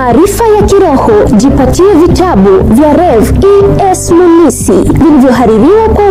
maarifa ya kiroho, jipatie vitabu vya Rev E S Munisi vilivyohaririwa kwa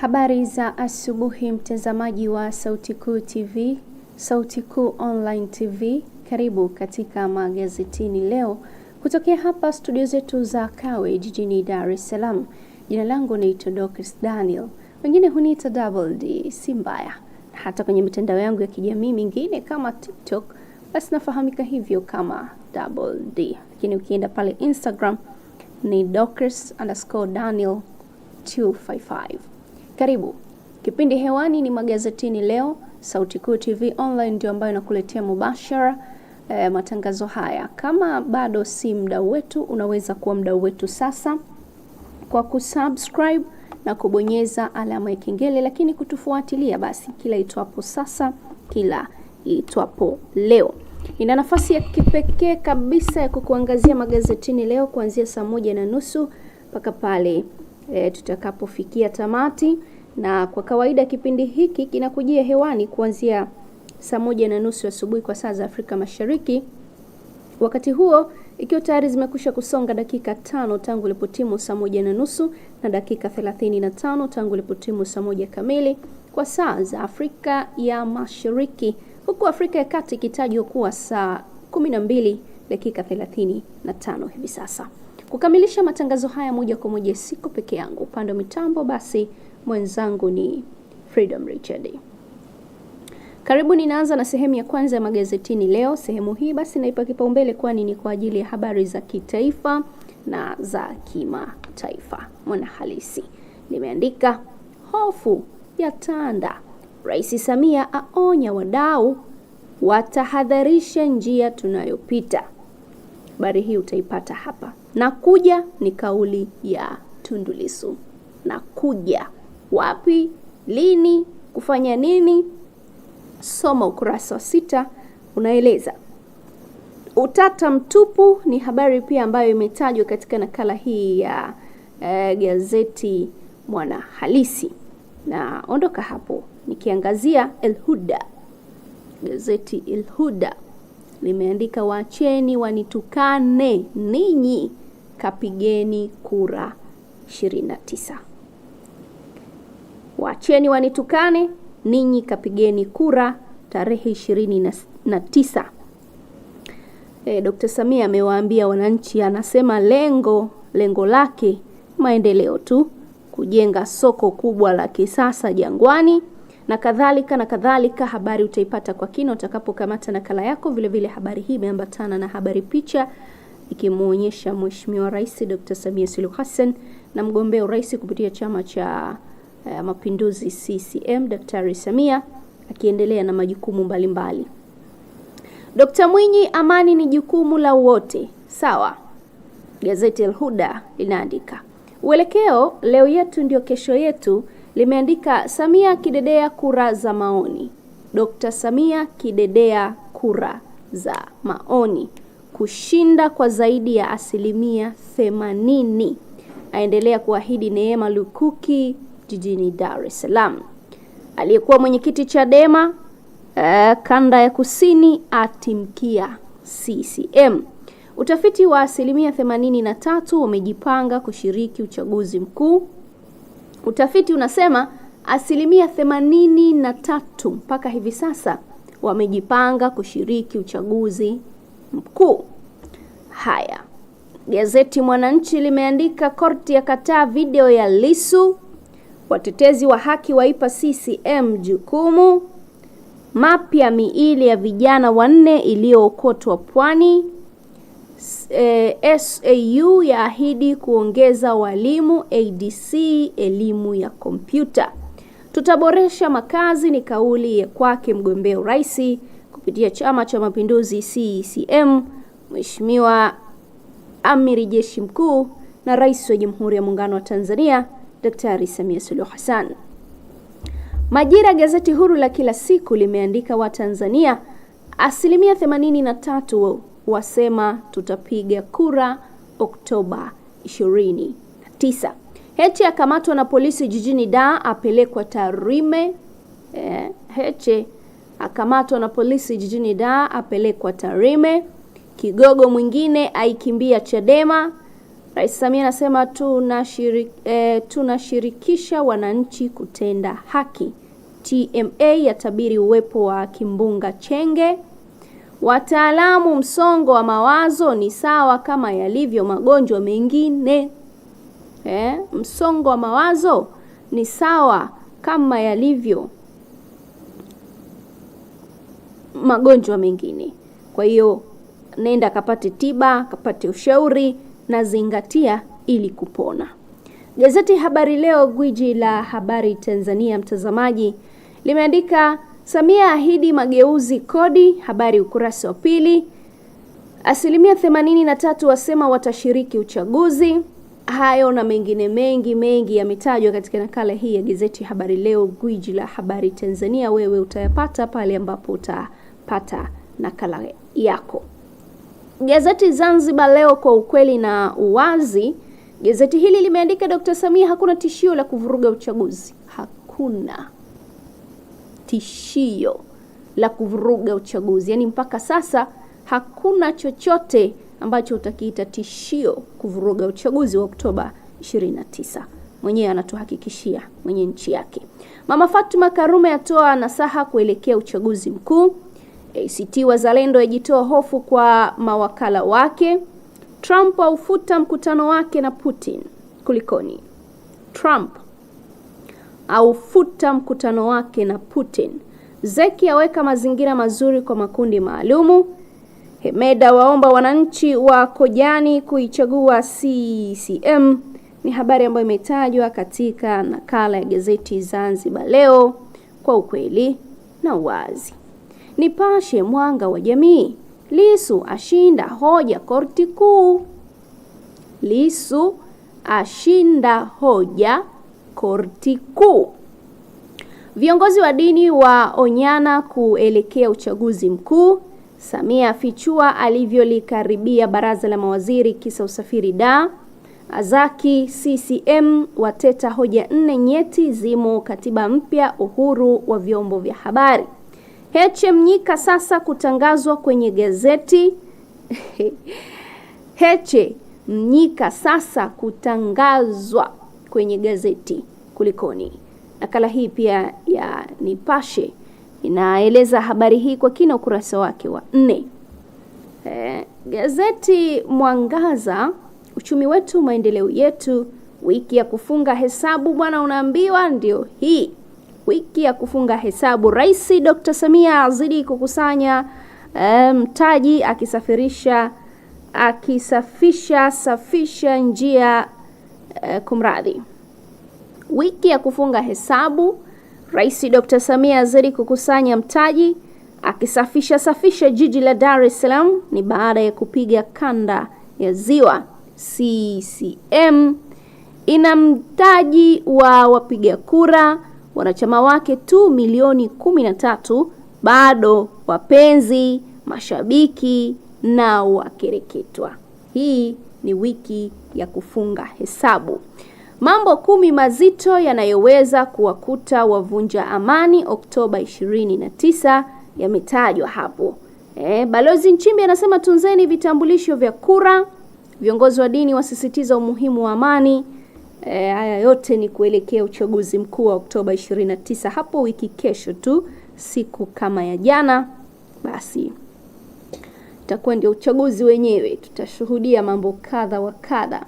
Habari za asubuhi, mtazamaji wa Sauti Kuu TV, Sauti Kuu Online TV. Karibu katika magazetini leo kutokea hapa studio zetu za Kawe jijini Dar es Salaam. Jina langu naitwa Dorcas Daniel, wengine huniita Double D, si mbaya. Na hata kwenye mitandao yangu ya kijamii mingine kama TikTok, basi nafahamika hivyo kama Double D, lakini ukienda pale Instagram ni daniel 255 karibu kipindi hewani ni magazetini leo. Sauti Kuu TV Online ndio ambayo inakuletea mubashara eh, matangazo haya. Kama bado si mdau wetu, unaweza kuwa mdau wetu sasa kwa kusubscribe na kubonyeza alama ya kengele, lakini kutufuatilia basi kila itwapo sasa, kila itwapo leo. Ina nafasi ya kipekee kabisa ya kukuangazia magazetini leo kuanzia saa moja na nusu mpaka pale e, tutakapofikia tamati. Na kwa kawaida kipindi hiki kinakujia hewani kuanzia saa moja na nusu asubuhi kwa saa za Afrika Mashariki. Wakati huo ikiwa tayari zimekwisha kusonga dakika tano tangu ilipotimu saa moja na nusu na dakika thelathini na tano tangu ilipotimu saa moja kamili kwa saa za Afrika ya Mashariki, huku Afrika ya Kati ikitajwa kuwa saa kumi na mbili dakika thelathini na tano hivi sasa. Kukamilisha matangazo haya moja kwa moja siko peke yangu, upande wa mitambo basi mwenzangu ni Freedom Richard. Karibu, ninaanza na sehemu ya kwanza ya magazetini leo. Sehemu hii basi naipa kipaumbele, kwani ni kwa ajili ya habari za kitaifa na za kimataifa. Mwanahalisi limeandika hofu ya tanda, Rais Samia aonya wadau, watahadharisha njia tunayopita habari hii utaipata hapa. Nakuja ni kauli ya Tundu Lissu. Nakuja wapi, lini, kufanya nini? Soma ukurasa wa sita, unaeleza utata mtupu. Ni habari pia ambayo imetajwa katika nakala hii ya eh, gazeti Mwana Halisi. Na ondoka hapo nikiangazia El Huda, gazeti El Huda limeandika wacheni wanitukane ninyi, kapigeni kura 29. Wacheni wanitukane ninyi, kapigeni kura tarehe 29. E, Dkt. Samia amewaambia wananchi, anasema lengo lengo lake maendeleo tu, kujenga soko kubwa la kisasa Jangwani na kadhalika na kadhalika. Habari utaipata kwa kina utakapokamata nakala yako. Vile vile habari hii imeambatana na habari picha ikimwonyesha Mheshimiwa Rais Dr. Samia Suluhu Hassan na mgombea urais kupitia chama cha eh, Mapinduzi CCM Daktari Samia akiendelea na majukumu mbalimbali. Dkt. Mwinyi, amani ni jukumu la wote. Sawa, gazeti Al Huda linaandika uelekeo, leo yetu ndio kesho yetu limeandika Samia kidedea kura za maoni. Dkt. Samia kidedea kura za maoni kushinda kwa zaidi ya asilimia themanini. Aendelea kuahidi neema lukuki jijini Dar es Salaam. Aliyekuwa mwenyekiti Chadema eh, kanda ya kusini atimkia CCM. Utafiti wa asilimia 83 wamejipanga kushiriki uchaguzi mkuu Utafiti unasema asilimia themanini na tatu mpaka hivi sasa wamejipanga kushiriki uchaguzi mkuu. Haya, gazeti Mwananchi limeandika korti ya kataa video ya Lisu, watetezi wa haki waipa CCM jukumu, mapya miili ya vijana wanne iliyookotwa pwani SAU eh, yaahidi kuongeza walimu ADC elimu ya kompyuta. Tutaboresha makazi ni kauli ya kwake mgombea urais kupitia Chama cha Mapinduzi CCM, e Mheshimiwa Amiri Jeshi Mkuu na Rais wa Jamhuri ya Muungano wa Tanzania Daktari Samia Suluhu Hassan. Majira, gazeti huru la kila siku, limeandika Watanzania asilimia 83 wasema tutapiga kura Oktoba 29. Heche akamatwa na polisi jijini Dar apelekwa Tarime. Eh, Heche akamatwa na polisi jijini Dar apelekwa Tarime. Kigogo mwingine aikimbia Chadema. Rais Samia anasema tunashirikisha eh, tunashirikisha wananchi kutenda haki. TMA yatabiri uwepo wa kimbunga Chenge. Wataalamu, msongo wa mawazo ni sawa kama yalivyo magonjwa mengine. Eh, msongo wa mawazo ni sawa kama yalivyo magonjwa mengine. Kwa hiyo nenda kapate tiba, kapate ushauri na zingatia ili kupona. Gazeti Habari Leo, gwiji la habari Tanzania, mtazamaji, limeandika Samia ahidi mageuzi kodi. Habari ukurasa wa pili. Asilimia 83 wasema watashiriki uchaguzi. Hayo na mengine mengi mengi yametajwa katika nakala hii ya gazeti Habari Leo, gwiji la habari Tanzania. Wewe utayapata pale ambapo utapata nakala yako. Gazeti Zanzibar Leo, kwa ukweli na uwazi. Gazeti hili limeandika Dr. Samia, hakuna tishio la kuvuruga uchaguzi, hakuna tishio la kuvuruga uchaguzi. Yaani mpaka sasa hakuna chochote ambacho utakiita tishio kuvuruga uchaguzi wa Oktoba 29. Mwenyewe anatuhakikishia mwenye nchi yake. Mama Fatuma Karume atoa nasaha kuelekea uchaguzi mkuu. ACT Wazalendo yajitoa hofu kwa mawakala wake. Trump aufuta mkutano wake na Putin. Kulikoni? Trump aufuta mkutano wake na Putin. Zeki aweka mazingira mazuri kwa makundi maalumu. Hemeda waomba wananchi wa Kojani kuichagua CCM. Ni habari ambayo imetajwa katika nakala ya gazeti Zanzibar Leo kwa ukweli na uwazi. Nipashe mwanga wa jamii. Lisu ashinda hoja korti kuu. Lisu ashinda hoja korti kuu. Viongozi wa dini waonyana kuelekea uchaguzi mkuu. Samia afichua alivyolikaribia baraza la mawaziri kisa usafiri da Azaki CCM wateta hoja nne nyeti zimo katiba mpya, uhuru wa vyombo vya habari. Heche Mnyika sasa kutangazwa kwenye gazeti Heche Mnyika sasa kutangazwa kwenye gazeti kulikoni. Nakala hii pia ya Nipashe inaeleza habari hii kwa kina ukurasa wake wa nne. E, gazeti Mwangaza, uchumi wetu maendeleo yetu, wiki ya kufunga hesabu bwana, unaambiwa ndio hii wiki ya kufunga hesabu. Rais Dr. Samia azidi kukusanya eh, mtaji um, akisafirisha akisafisha safisha njia uh, kumradhi Wiki ya kufunga hesabu. Rais Dr. Samia azidi kukusanya mtaji, akisafisha safisha jiji la Dar es Salaam. Ni baada ya kupiga kanda ya Ziwa. CCM ina mtaji wa wapiga kura wanachama wake tu milioni kumi na tatu. Bado wapenzi, mashabiki na wakereketwa. Hii ni wiki ya kufunga hesabu. Mambo kumi mazito yanayoweza kuwakuta wavunja amani Oktoba 29 yametajwa hapo. E, Balozi Nchimbi anasema tunzeni vitambulisho vya kura. Viongozi wa dini wasisitiza umuhimu wa amani. E, haya yote ni kuelekea uchaguzi mkuu wa Oktoba 29 hapo wiki kesho tu, siku kama ya jana. Basi itakuwa ndio uchaguzi wenyewe, tutashuhudia mambo kadha wa kadha.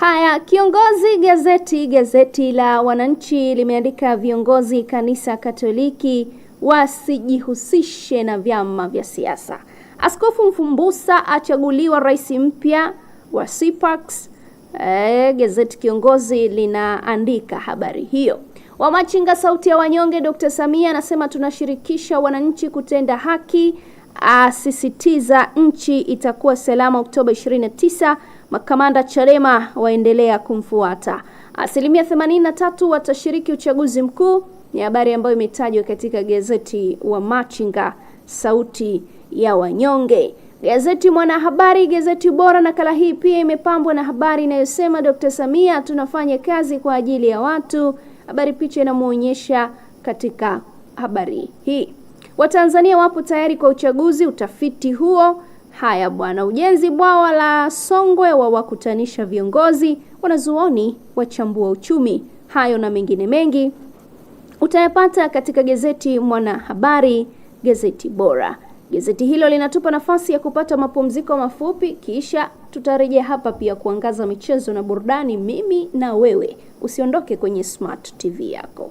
Haya, kiongozi gazeti gazeti la Wananchi limeandika viongozi kanisa Katoliki wasijihusishe na vyama vya siasa. Askofu Mfumbusa achaguliwa rais mpya wa CPAX. E, eh, gazeti Kiongozi linaandika habari hiyo. Wamachinga sauti ya wanyonge, Dr. Samia anasema tunashirikisha wananchi kutenda haki asisitiza nchi itakuwa salama Oktoba 29. Makamanda Chadema waendelea kumfuata. Asilimia 83 watashiriki uchaguzi mkuu, ni habari ambayo imetajwa katika gazeti wa Machinga, sauti ya wanyonge. Gazeti Mwanahabari, gazeti bora. Nakala hii pia imepambwa na habari inayosema Dr. Samia, tunafanya kazi kwa ajili ya watu. Habari picha inamwonyesha katika habari hii. Watanzania wapo tayari kwa uchaguzi. Utafiti huo. Haya bwana, ujenzi bwawa la Songwe wawakutanisha viongozi, wanazuoni, wachambua uchumi. Hayo na mengine mengi utayapata katika gazeti Mwanahabari, gazeti bora. Gazeti hilo linatupa nafasi ya kupata mapumziko mafupi, kisha tutarejea hapa pia kuangaza michezo na burudani, mimi na wewe. Usiondoke kwenye Smart TV yako.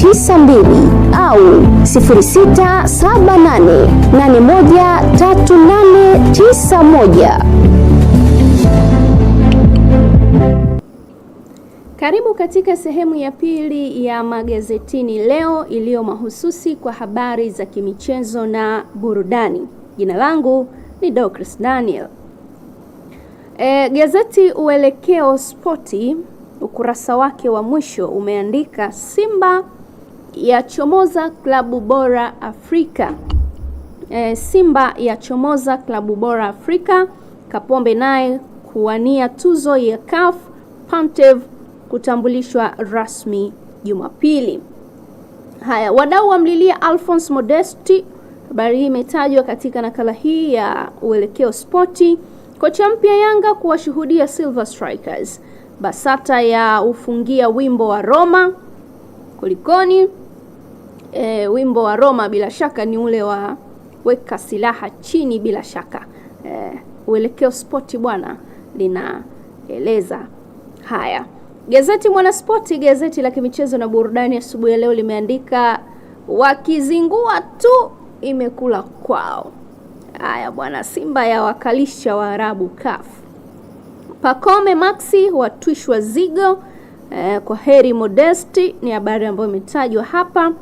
92 au 0678813891. Karibu katika sehemu ya pili ya magazetini leo iliyo mahususi kwa habari za kimichezo na burudani. Jina langu ni Dorcas Daniel. E, gazeti Uelekeo Spoti ukurasa wake wa mwisho umeandika Simba yachomoza klabu bora Afrika. E, Simba yachomoza klabu bora Afrika. Kapombe naye kuwania tuzo ya CAF Pantev kutambulishwa rasmi Jumapili. Haya, wadau wamlilia Alphonce Modesti. Habari hii imetajwa katika nakala hii ya Uelekeo Spoti. Kocha mpya Yanga kuwashuhudia Silver Strikers. Basata ya ufungia wimbo wa Roma. Kulikoni? e, wimbo wa Roma bila shaka ni ule wa weka silaha chini bila shaka. E, uelekeo spoti bwana linaeleza haya. Gazeti Mwanaspoti, gazeti la kimichezo na burudani, asubuhi ya leo limeandika wakizingua tu imekula kwao. Haya bwana, Simba ya wakalisha wa arabu kafu Pakome Maxi watwishwa zigo eh, kwa heri Modesti ni habari ambayo imetajwa hapa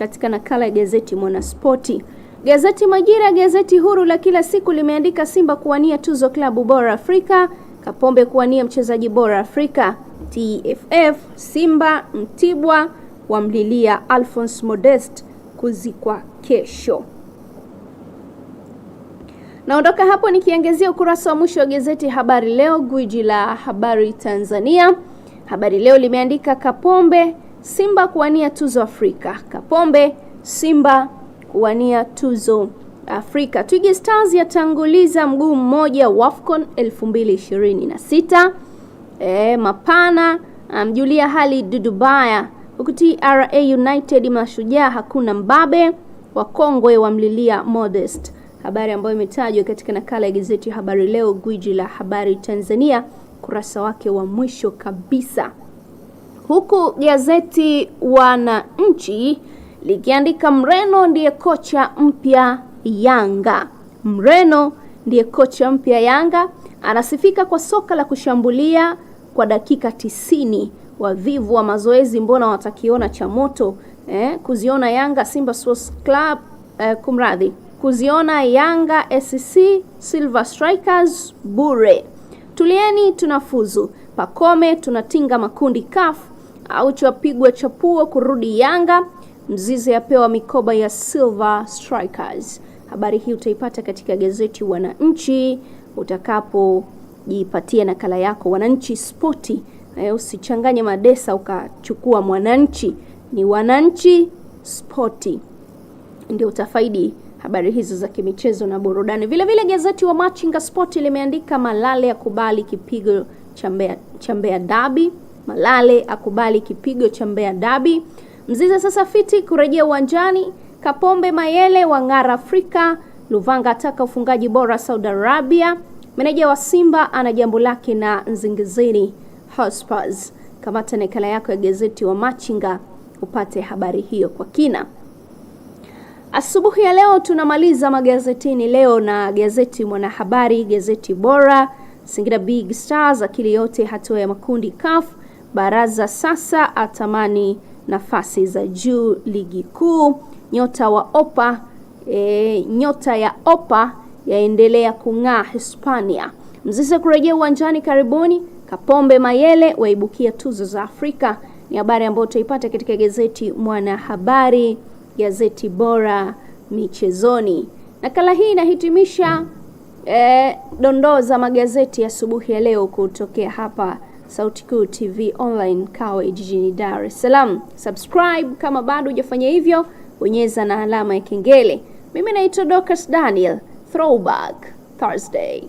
katika nakala ya gazeti Mwanaspoti. Gazeti Majira, gazeti huru la kila siku, limeandika Simba kuwania tuzo klabu bora Afrika, Kapombe kuwania mchezaji bora Afrika, TFF Simba Mtibwa wamlilia Alphonse Modest kuzikwa kesho. Naondoka hapo nikiangazia ukurasa wa mwisho wa gazeti Habari Leo, gwiji la habari Tanzania. Habari Leo limeandika Kapombe Simba kuwania tuzo Afrika. Kapombe, Simba kuwania tuzo Afrika. Twiga Stars yatanguliza mguu mmoja Wafcon 2026. E, mapana amjulia um, hali Dudubaya huku TRA United mashujaa hakuna mbabe wakongwe wamlilia Modest, habari ambayo imetajwa katika nakala ya gazeti Habari Leo, gwiji la habari Tanzania, kurasa wake wa mwisho kabisa huku gazeti Wananchi likiandika Mreno ndiye kocha mpya Yanga. Mreno ndiye kocha mpya Yanga, anasifika kwa soka la kushambulia kwa dakika tisini. Wavivu wa mazoezi mbona watakiona cha moto eh? Kuziona Yanga Simba Sports Club eh, kumradhi, kuziona Yanga SC Silver Strikers bure. Tulieni tunafuzu. Pakome tunatinga makundi kafu chapigwa chapuo kurudi Yanga. Mzize apewa mikoba ya Silver Strikers. Habari hii utaipata katika gazeti Wananchi utakapojipatia nakala yako. Wananchi Spoti, usichanganye madesa ukachukua Mwananchi, ni Wananchi Spoti ndio utafaidi habari hizo za kimichezo na burudani. Vilevile gazeti wa Machinga Sport limeandika Malale ya kubali kipigo cha Mbeya dabi Malale akubali kipigo cha Mbeya Dabi. Mzize sasa fiti kurejea uwanjani. Kapombe Mayele wa ngara Afrika. Luvanga ataka ufungaji bora Saudi Arabia. Meneja wa Simba ana jambo lake na Nzingizini Hotspurs. Kamata nakala yako ya gazeti wa Machinga upate habari hiyo kwa kina. Asubuhi ya leo tunamaliza magazetini leo na gazeti Mwanahabari, gazeti Bora, Singida Big Stars, akili yote hatua ya makundi CAF Baraza sasa atamani nafasi za juu ligi kuu. Nyota wa Opa, e, nyota ya Opa yaendelea kung'aa Hispania. Mzize kurejea uwanjani karibuni. Kapombe Mayele waibukia tuzo za Afrika ni habari ambayo utaipata katika gazeti Mwanahabari, gazeti bora michezoni. Nakala hii inahitimisha eh, dondoo za magazeti asubuhi ya, ya leo kutokea hapa Sauti Kuu TV Online Kawe jijini Dar es Salaam. Subscribe kama bado hujafanya hivyo, bonyeza na alama ya kengele. Mimi naitwa Dorcas Daniel. Throwback Thursday.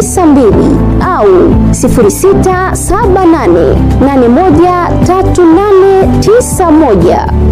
mbili au moja